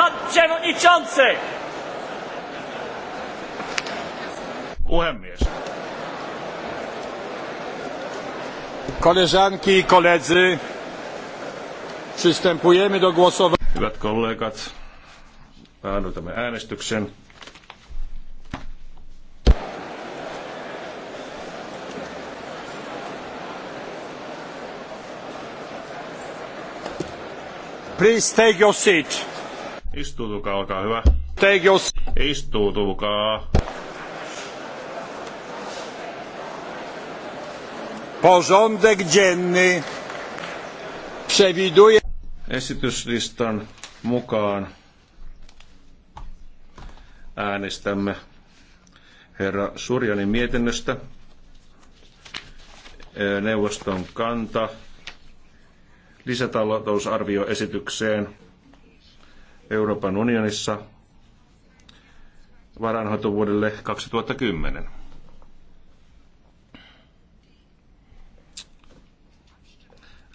Pan przewodniczący! Puhemies. Koleżanki i koledzy, przystępujemy do głosowania. Hyvät kollegat, päädytämme äänestyksen. Please take your seat. Istuutukaa, olkaa hyvä. Take your... Istuutukaa. Porządek dzienny przewiduje... Esityslistan mukaan äänestämme herra Surjanin mietinnöstä neuvoston kanta lisätalousarvioesitykseen Euroopan unionissa varainhoitovuodelle 2010.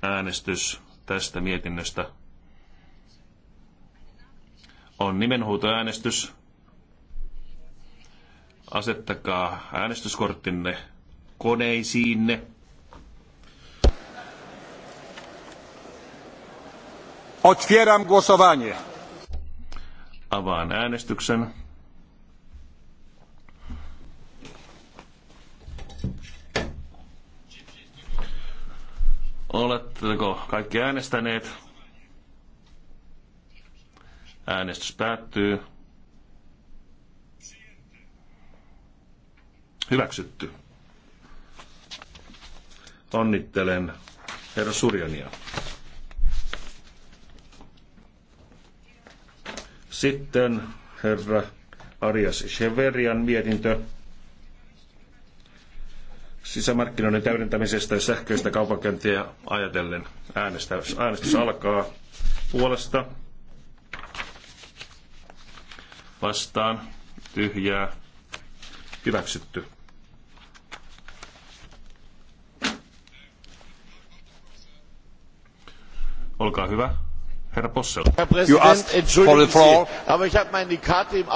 Äänestys tästä mietinnöstä on nimenhuutoäänestys. Asettakaa äänestyskorttinne koneisiinne. Otwieram głosowanie. Avaan äänestyksen. Oletteko kaikki äänestäneet? Äänestys päättyy. Hyväksytty. Onnittelen herra Surjania. Sitten herra Arias Cheverian mietintö sisämarkkinoiden täydentämisestä ja sähköistä kaupankäyntiä ajatellen. Äänestys, äänestys alkaa puolesta vastaan tyhjää hyväksytty. Olkaa hyvä. Herr Präsident, entschuldigen Sie, Aber ich habe meine Karte im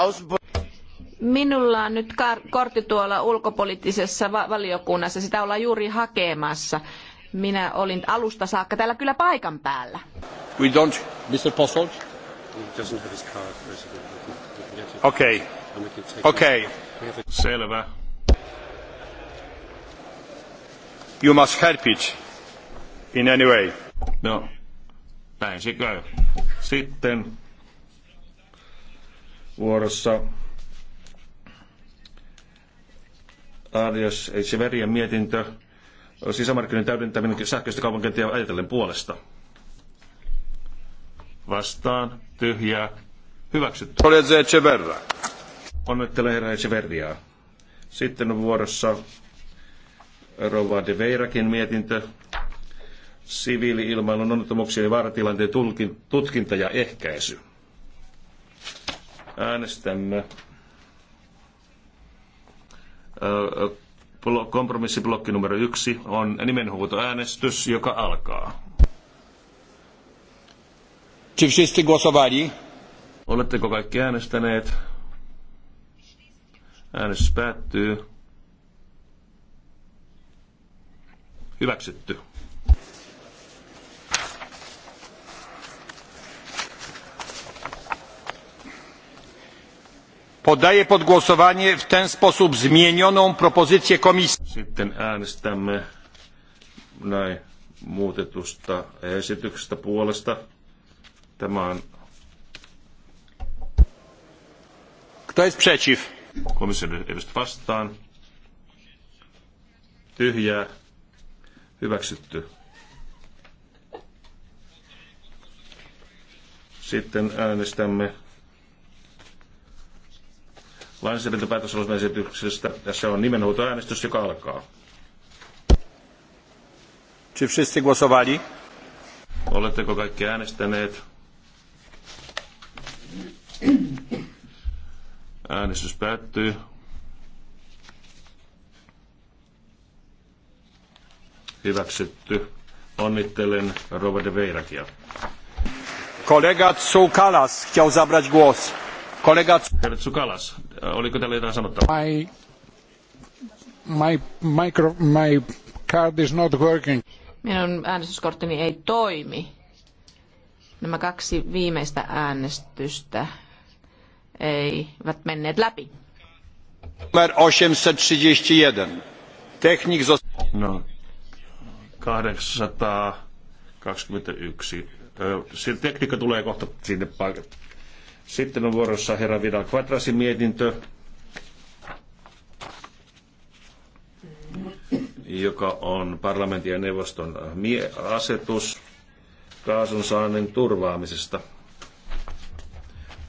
Minulla on nyt kortti tuolla ulkopoliittisessa va- valiokunnassa. Sitä ollaan juuri hakemassa. Minä olin alusta saakka täällä kyllä paikan päällä. We don't... Mr. Posselt? Okei. Okay. Okay. Selvä. You must help it in any way. No, näin se käy. Sitten vuorossa Arias Severian mietintö sisämarkkinoiden täydentäminen sähköistä kaupankäyntiä ajatellen puolesta. Vastaan tyhjää hyväksytty. Olet Echeverra. Onnittelen herra Echeverriaa. Sitten on vuorossa Rova de Veirakin mietintö siviili-ilmailun onnettomuuksien ja vaaratilanteen tutkinta ja ehkäisy. Äänestämme kompromissiblokki numero yksi on nimenhuutoäänestys, joka alkaa. Oletteko kaikki äänestäneet? Äänestys päättyy. Hyväksytty. Poddaję pod głosowanie w ten sposób zmienioną propozycję komisji. Sitten äänestämme näin muutetusta esityksestä puolesta. Tämä on... Kto jest przeciw? Komission edustaja vastaan. Tyhjää. Hyväksytty. Sitten äänestämme ja Tässä on nimenhuutoäänestys, joka alkaa. Czy wszyscy głosowali? Oletteko kaikki äänestäneet? Äänestys päättyy. Hyväksytty. Onnittelen Robert de Veirakia. Kollega Tsoukalas chciał zabrać głos. Kollega Tsoukalas, Äh, oliko teillä jotain sanottavaa? My, my, micro, my card is not working. Minun äänestyskorttini ei toimi. Nämä kaksi viimeistä äänestystä eivät menneet läpi. Numer 831. Teknik... No, 821. Tekniikka tulee kohta sinne paikalle sitten on vuorossa herra Vidal Quadrasin mietintö, joka on parlamentin ja neuvoston asetus kaasun saannin turvaamisesta.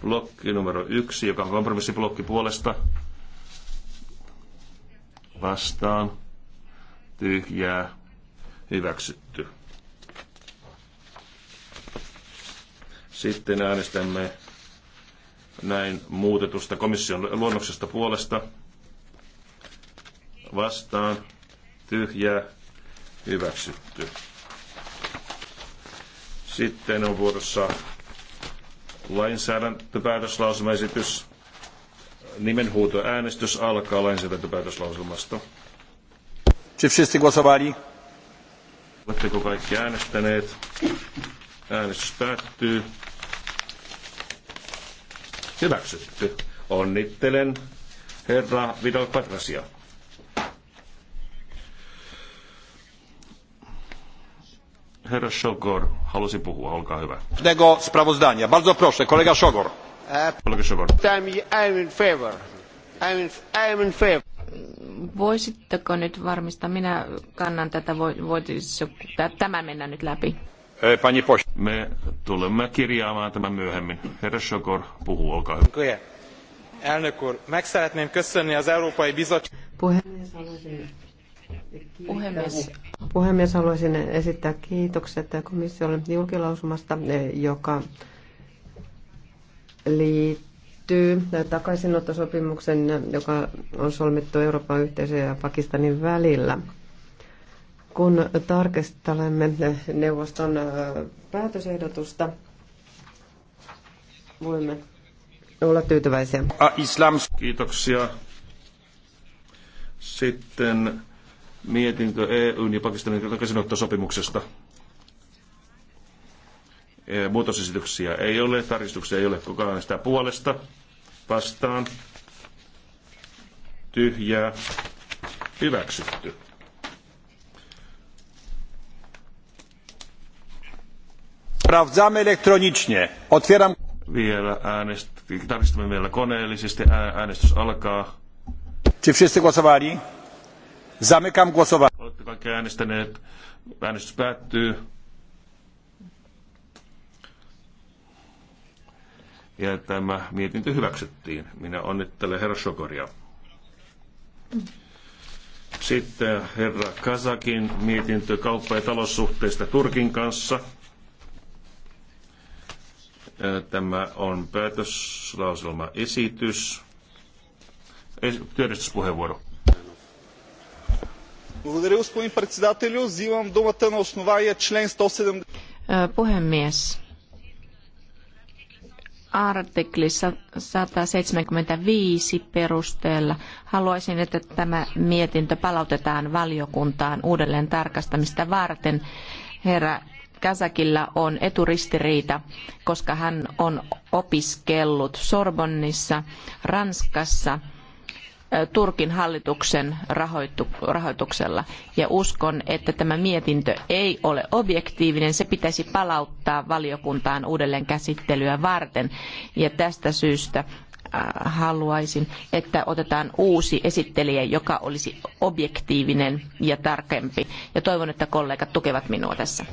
Blokki numero yksi, joka on kompromissiblokki puolesta. Vastaan. Tyhjää. Hyväksytty. Sitten äänestämme näin muutetusta komission luonnoksesta puolesta vastaan tyhjää hyväksytty. Sitten on vuorossa lainsäädäntöpäätöslausumaesitys. Nimenhuuto äänestys alkaa lainsäädäntöpäätöslauselmasta. Czy wszyscy głosowali? Oletteko kaikki äänestäneet? Äänestys päättyy. Hyväksytty. Onnittelen herra Vidal Patrasia. Herra Sogor halusi puhua, olkaa hyvä. Tego sprawozdania. Bardzo proszę, kolega Sogor. Kolega Sogor. I'm in favor. I'm in, I'm in favor. Voisitteko nyt varmistaa, minä kannan tätä, voi, tämä mennä nyt läpi? Eh, panie poś... Me tulemme kirjaamaan tämän myöhemmin. Herra Sokor puhuu, olkaa hyvä. Elnök úr, meg szeretném köszönni az Európai Bizottság... Puhemies, haluaisin Puhemies. Puhemies, haluaisin esittää kiitokset komissiolle julkilausumasta, eh, joka liittyy takaisinottosopimuksen, joka on solmittu Euroopan yhteisön ja Pakistanin välillä. Kun tarkastelemme neuvoston äh, päätösehdotusta, voimme olla tyytyväisiä. Islam, kiitoksia. Sitten mietintö EUn ja Pakistanin sopimuksesta e, Muutosesityksiä ei ole, tarkistuksia ei ole kukaan sitä puolesta. Vastaan. Tyhjää. Hyväksytty. Sprawdzamy elektronicznie. Otwieram... Vielä äänest... Tarkistamme vielä koneellisesti. Äänestys alkaa. Czy wszyscy głosowali? Zamykam głosowanie. Olette kaikki äänestäneet. Äänestys päättyy. Ja tämä mietintö hyväksyttiin. Minä onnittelen herra Sokoria. Sitten herra Kazakin mietintö kauppa- ja taloussuhteista Turkin kanssa. Tämä on päätöslauselma esitys. Es- Puhemies. Artiklissa 175 perusteella haluaisin, että tämä mietintö palautetaan valiokuntaan uudelleen tarkastamista varten. Herra Kazakilla on eturistiriita, koska hän on opiskellut Sorbonnissa, Ranskassa, Turkin hallituksen rahoituksella. Ja uskon, että tämä mietintö ei ole objektiivinen. Se pitäisi palauttaa valiokuntaan uudelleen käsittelyä varten. Ja tästä syystä Äh, haluaisin, että otetaan uusi esittelijä, joka olisi objektiivinen ja tarkempi. Ja toivon, että kollegat tukevat minua tässä.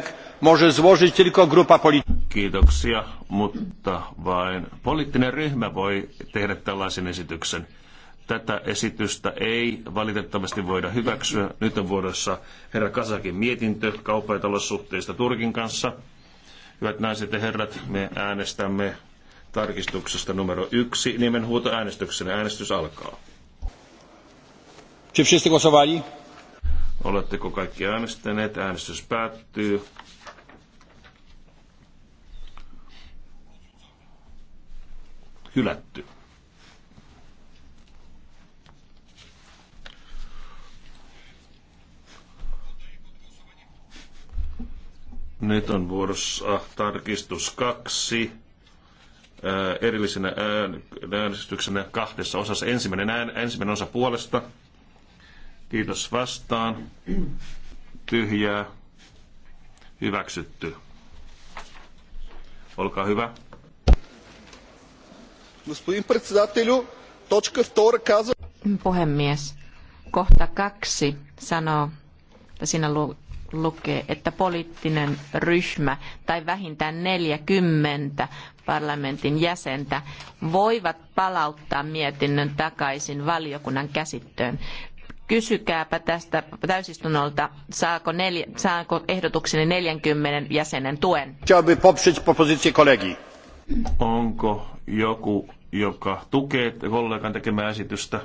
Kiitoksia, mutta vain poliittinen ryhmä voi tehdä tällaisen esityksen. Tätä esitystä ei valitettavasti voida hyväksyä. Nyt on vuodossa herra Kasakin mietintö kauppa- ja taloussuhteista Turkin kanssa. Hyvät naiset ja herrat, me äänestämme tarkistuksesta numero yksi nimenhuuto äänestyksenä. Äänestys alkaa. Czy wszyscy głosowali? Oletteko kaikki äänestäneet? Äänestys päättyy. Hylätty. Nyt on vuorossa tarkistus kaksi erillisenä äänestyksenä kahdessa osassa. Ensimmäinen, ään, ensimmäinen osa puolesta. Kiitos vastaan. Tyhjää. Hyväksytty. Olkaa hyvä. Puhemies, kohta kaksi sanoo, että siinä lu- lukee, että poliittinen ryhmä tai vähintään 40 parlamentin jäsentä voivat palauttaa mietinnön takaisin valiokunnan käsittöön. Kysykääpä tästä täysistunnolta, saako, neljä, saako ehdotukseni 40 jäsenen tuen. Onko joku, joka tukee kollegan tekemää esitystä?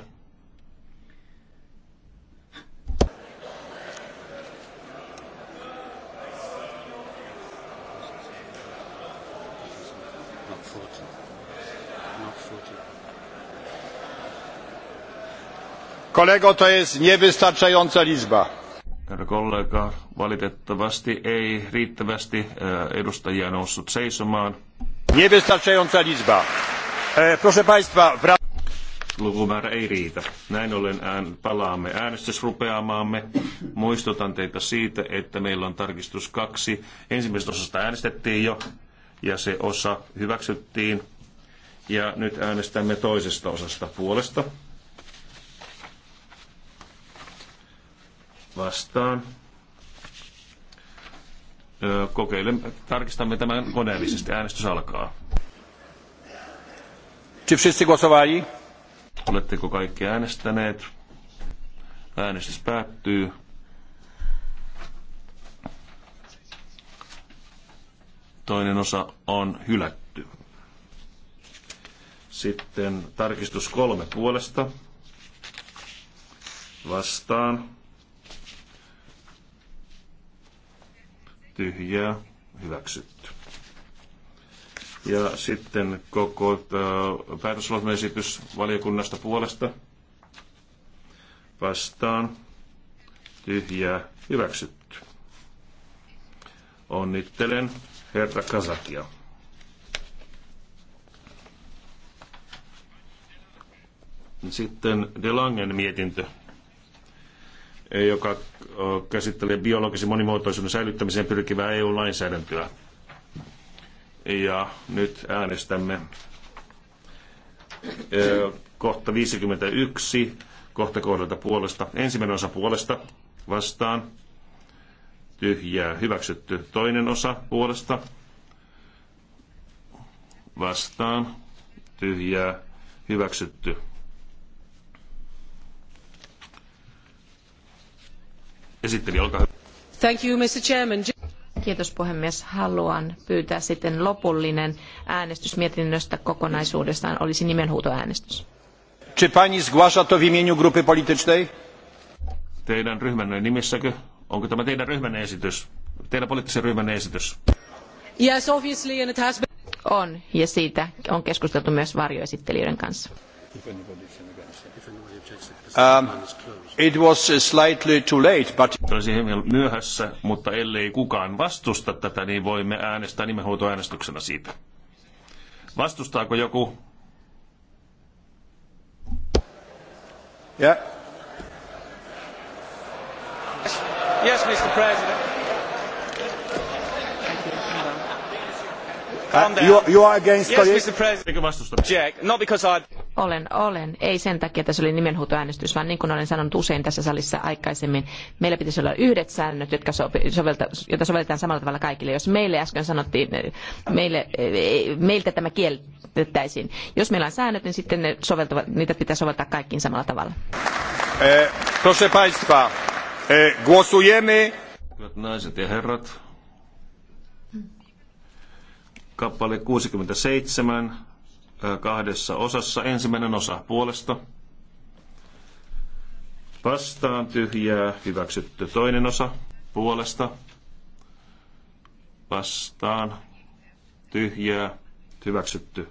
Kollego, to jest niewystarczająca liczba. Herra kollega, valitettavasti ei riittävästi eh, edustajia noussut seisomaan. Niewystarczająca liczba. Eh, proszę Państwa, lukumäärä ei riitä. Näin ollen ään, palaamme äänestysrupeamaamme. Muistutan teitä siitä, että meillä on tarkistus kaksi. Ensimmäisestä osasta äänestettiin jo ja se osa hyväksyttiin. Ja nyt äänestämme toisesta osasta puolesta. vastaan. Kokeilemme, tarkistamme tämän koneellisesti. Äänestys alkaa. Oletteko kaikki äänestäneet? Äänestys päättyy. Toinen osa on hylätty. Sitten tarkistus kolme puolesta. Vastaan tyhjää, hyväksytty. Ja sitten koko päätöslausumaesitys valiokunnasta puolesta vastaan tyhjää hyväksytty. Onnittelen herra Kasakia. Sitten Delangen mietintö joka käsittelee biologisen monimuotoisuuden säilyttämiseen pyrkivää EU-lainsäädäntöä. Ja nyt äänestämme kohta 51, kohta kohdalta puolesta. Ensimmäinen osa puolesta vastaan. Tyhjää hyväksytty. Toinen osa puolesta vastaan. Tyhjää hyväksytty. Esitteli, olkaa hyvä. Thank you, Mr. Chairman. Kiitos puhemies. Haluan pyytää sitten lopullinen äänestys mietinnöstä kokonaisuudessaan olisi nimenhuutoäänestys. Czy pani zgłasza to w imieniu grupy politycznej? Teidän ryhmänne nimissäkö? Onko tämä teidän ryhmänne esitys? Teidän poliittisen ryhmänne esitys? Yes, obviously, and it has been... On, ja siitä on keskusteltu myös varjoesittelijöiden kanssa. Um, it uh, Olisi hieman myöhässä, mutta ellei kukaan vastusta tätä, niin voimme äänestää nimenhuoltoäänestyksenä siitä. Vastustaako joku? Yeah. Yes, Mr. President. Uh, you, you are against yes, Mr. President. Jack, not because I... Olen, olen. Ei sen takia, että se oli nimenhuutoäänestys, vaan niin kuin olen sanonut usein tässä salissa aikaisemmin, meillä pitäisi olla yhdet säännöt, jotka sovelta, joita sovelletaan samalla tavalla kaikille. Jos meille äsken sanottiin, eh, meille, eh, meiltä tämä kieltettäisiin. Jos meillä on säännöt, niin sitten ne soveltavat, niitä pitää soveltaa kaikkiin samalla tavalla. Eh, proszę Państwa, głosujemy. Hyvät naiset ja herrat, kappale 67 kahdessa osassa. Ensimmäinen osa puolesta. Vastaan tyhjää hyväksytty. Toinen osa puolesta. Vastaan tyhjää hyväksytty.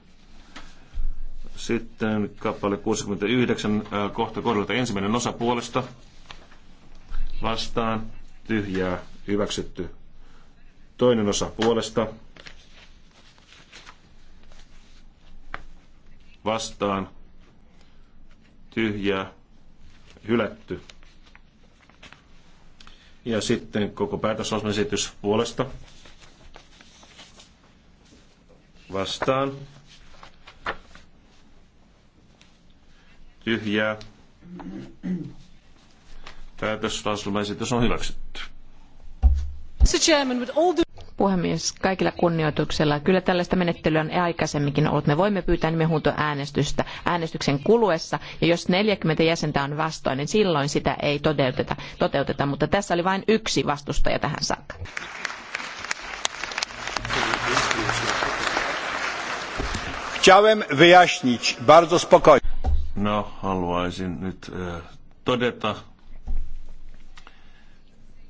Sitten kappale 69 kohta kohdalta ensimmäinen osa puolesta. Vastaan tyhjää hyväksytty. Toinen osa puolesta vastaan tyhjä, hylätty. Ja sitten koko päätösosmaesitys puolesta vastaan tyhjää. Päätöslauselmaesitys on hyväksytty. Mr. Chairman, with all the puhemies, kaikilla kunnioituksella. Kyllä tällaista menettelyä on aikaisemminkin ollut. Me voimme pyytää äänestystä äänestyksen kuluessa, ja jos 40 jäsentä on vastoin, niin silloin sitä ei toteuteta, toteuteta. mutta tässä oli vain yksi vastustaja tähän saakka. Chciałem wyjaśnić bardzo spokojnie. No, haluaisin nyt äh, todeta,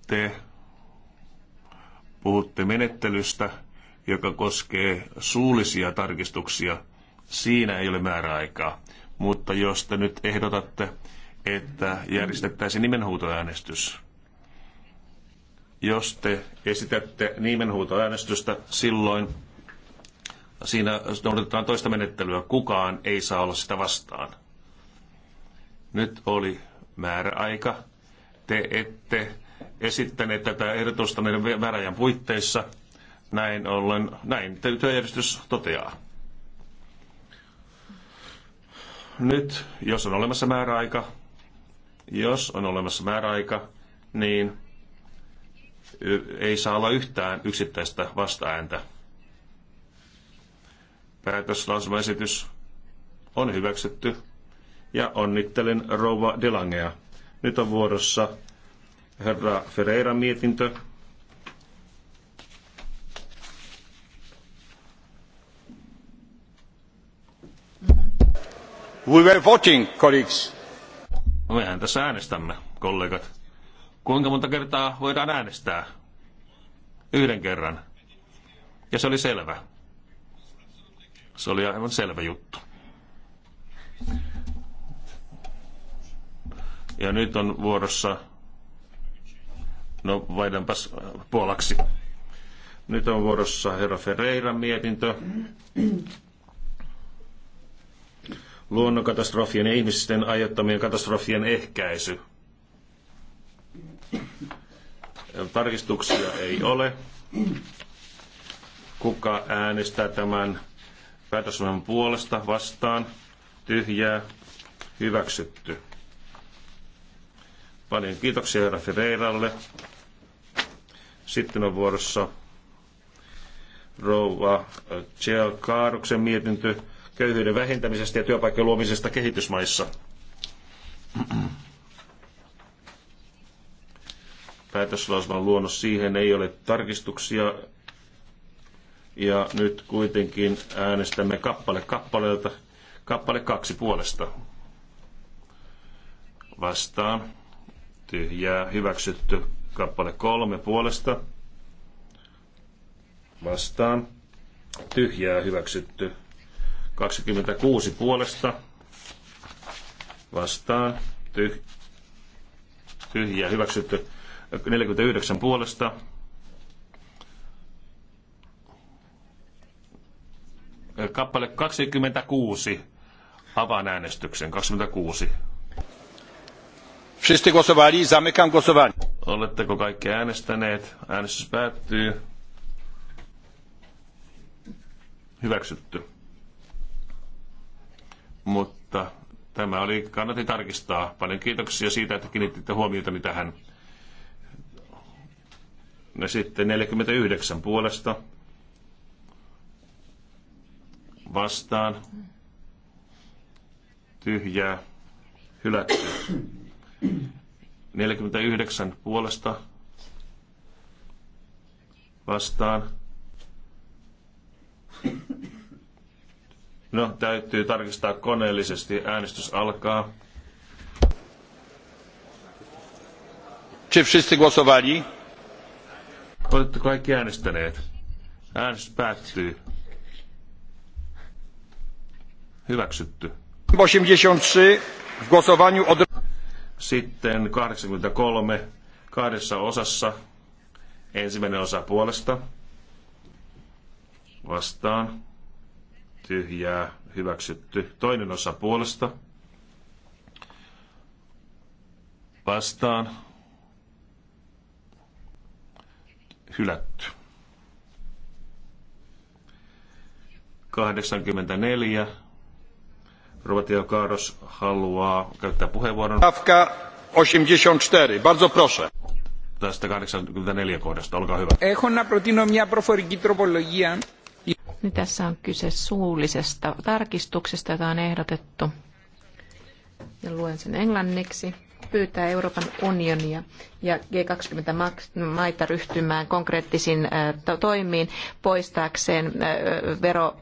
te puhutte menettelystä, joka koskee suullisia tarkistuksia. Siinä ei ole määräaikaa. Mutta jos te nyt ehdotatte, että järjestettäisiin nimenhuutoäänestys, jos te esitätte nimenhuutoäänestystä, silloin siinä noudatetaan toista menettelyä. Kukaan ei saa olla sitä vastaan. Nyt oli määräaika. Te ette esittäneet tätä ehdotusta meidän määräajan puitteissa. Näin ollen, näin työjärjestys toteaa. Nyt, jos on olemassa määräaika, jos on olemassa määräaika, niin ei saa olla yhtään yksittäistä vastaääntä. Päätöslausumaesitys on hyväksytty ja onnittelen rouva Delangea. Nyt on vuorossa herra Ferreiran mietintö. We were voting, colleagues. No, mehän tässä äänestämme, kollegat. Kuinka monta kertaa voidaan äänestää? Yhden kerran. Ja se oli selvä. Se oli aivan selvä juttu. Ja nyt on vuorossa No vaihdanpas äh, puolaksi. Nyt on vuorossa herra Ferreira mietintö. Luonnonkatastrofien ja ihmisten aiheuttamien katastrofien ehkäisy. Tarkistuksia ei ole. Kuka äänestää tämän päätösvoiman puolesta vastaan? Tyhjää. Hyväksytty. Paljon kiitoksia herra Ferreiralle. Sitten on vuorossa rouva äh, Chel Kaaruksen mietintö köyhyyden vähentämisestä ja työpaikkojen luomisesta kehitysmaissa. Päätöslauselman luonnos siihen ei ole tarkistuksia. Ja nyt kuitenkin äänestämme kappale kappaleelta, kappale kaksi puolesta. Vastaan tyhjää hyväksytty. Kappale kolme puolesta vastaan tyhjää hyväksytty. 26 puolesta vastaan tyh, tyhjää hyväksytty. 49 puolesta kappale 26 avaan äänestyksen. 26 Wszyscy głosowali. Zamykam głosowanie. Oletteko kaikki äänestäneet? Äänestys päättyy. Hyväksytty. Mutta tämä oli, kannatti tarkistaa. Paljon kiitoksia siitä, että kiinnititte huomiotani tähän. Ja sitten 49 puolesta vastaan tyhjää hylätty. 49 puolesta vastaan. No, täytyy tarkistaa koneellisesti. Äänestys alkaa. Czy wszyscy głosowali? Olette kaikki äänestäneet. Äänestys päättyy. Hyväksytty. 83 w głosowaniu od... Sitten 83 kahdessa osassa. Ensimmäinen osa puolesta. Vastaan. Tyhjää. Hyväksytty. Toinen osa puolesta. Vastaan. Hylätty. 84 Ruotio Carlos haluaa käyttää puheenvuoron. Kafka 84, bardzo proszę. Tästä 84 kohdasta, olkaa hyvä. Ehon na protino mia proforiki tropologia. Niin tässä on kyse suullisesta tarkistuksesta, jota on ehdotettu. Ja luen sen englanniksi pyytää Euroopan unionia ja G20-maita ryhtymään konkreettisiin toimiin poistaakseen vero,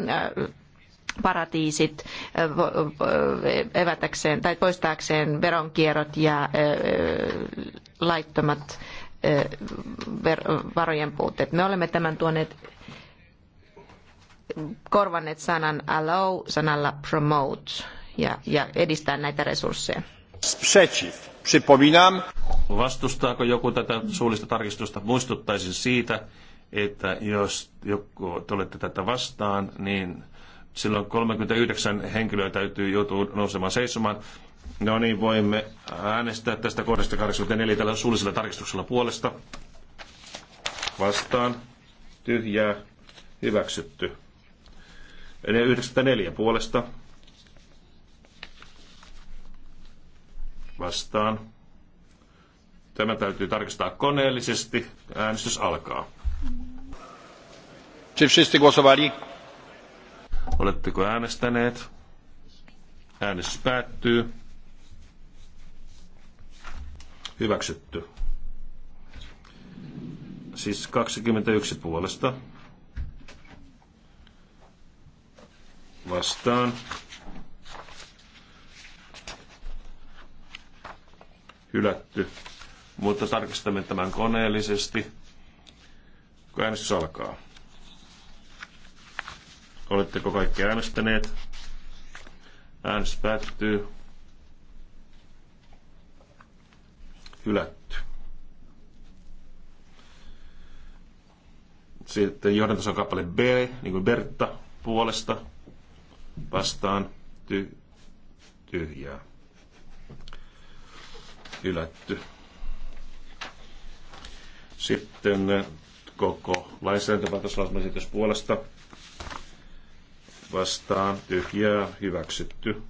paratiisit evätäkseen tai poistaakseen veronkierrot ja laittomat varojen puutteet. Me olemme tämän tuoneet korvanneet sanan allow sanalla promote ja, ja edistää näitä resursseja. Sprzeciw. Przypominam. Vastustaako joku tätä suullista tarkistusta? Muistuttaisin siitä, että jos joku, te olette tätä vastaan, niin Silloin 39 henkilöä täytyy joutua nousemaan seisomaan. No niin, voimme äänestää tästä kohdasta 84 tällä suullisella tarkistuksella puolesta. Vastaan. Tyhjää. Hyväksytty. 94 puolesta. Vastaan. Tämä täytyy tarkistaa koneellisesti. Äänestys alkaa. Czy wszyscy głosowali? Oletteko äänestäneet? Äänestys päättyy. Hyväksytty. Siis 21 puolesta. Vastaan. Hylätty. Mutta tarkistamme tämän koneellisesti, kun äänestys alkaa. Oletteko kaikki äänestäneet? Äänestys päättyy. Hylätty. Sitten johdantason kappale B, niin kuin Bertta, puolesta vastaan ty- tyhjää. Hylätty. Sitten koko lainsäädäntöpäätöslausumaesitys puolesta vastaan tyhjää hyväksytty.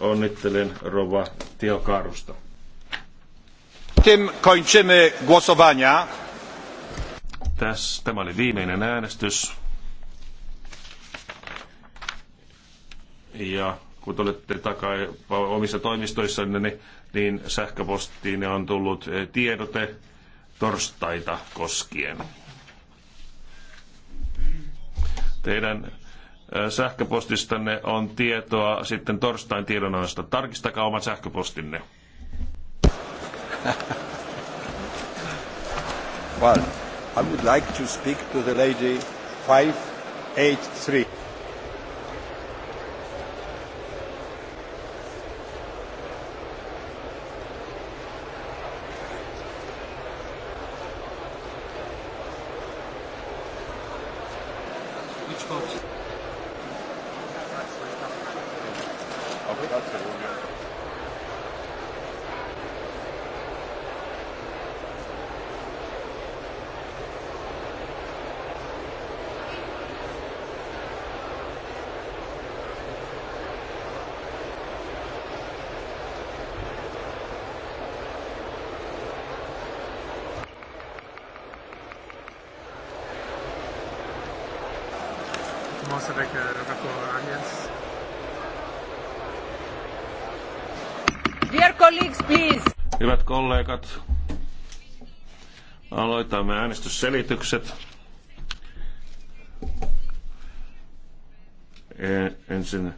Onnittelen rova Teokarusta. Tym kończymy głosowania. Täs, tämä oli viimeinen äänestys. Ja kun olette takaa omissa toimistoissanne, niin, niin sähköpostiin on tullut eh, tiedote torstaita koskien. Teidän sähköpostistanne on tietoa sitten torstain tiedonannosta. Tarkistakaa oman sähköpostinne. well, I would like to speak to the lady 583. Grazie. kollegat, aloitamme äänestysselitykset. E- ensin